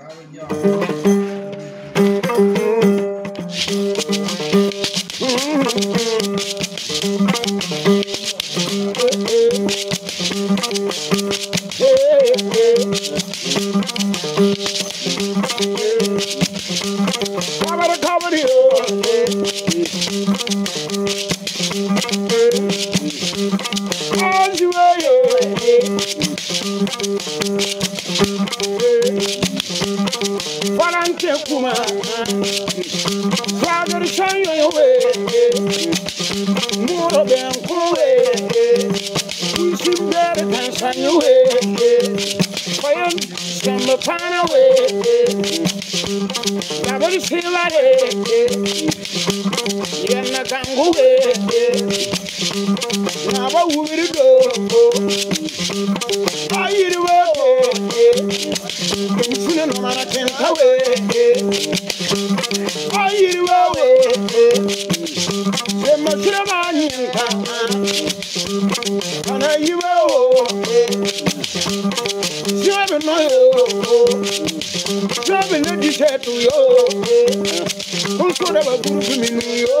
I'm gonna come you. share kuma father shine your way more than kuwe we should better than shine your way fayan samba pana way Yabari sila re, yana kangu re, yaba ubiri do, oh oh. oh oh. ayiriwe we emasire banyi nka kana yiwe wo siwe bino yo siwe bino disɛtu yo nso daba buru bi minu yo.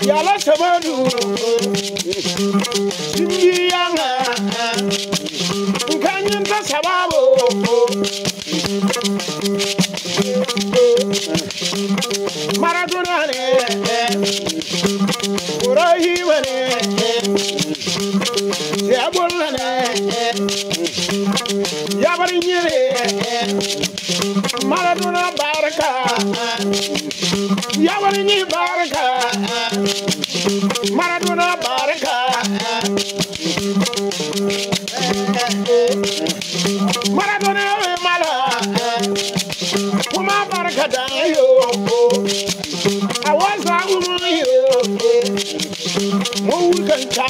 Yala sabadu ndị ya na maradona wụrụ ihe iwere si agbụla ya bara nyere maradona barka ya bara nye Maradona Baraka. Maradona Mala. Uma Baraka da yo. I was a woman yo. Mo kan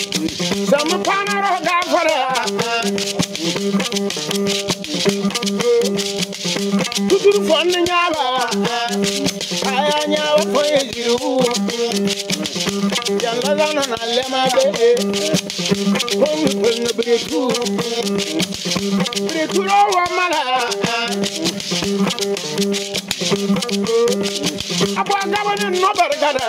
i wakoye not yanga zana na lema be kongi kwenye bretu bretu not wa mala abu agabo ni nobar gada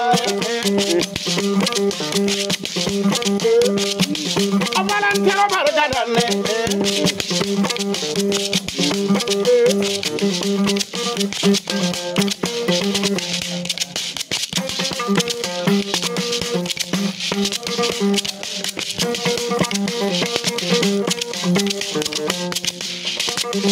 Ayo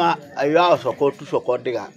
mak, ayo sokot tu sokot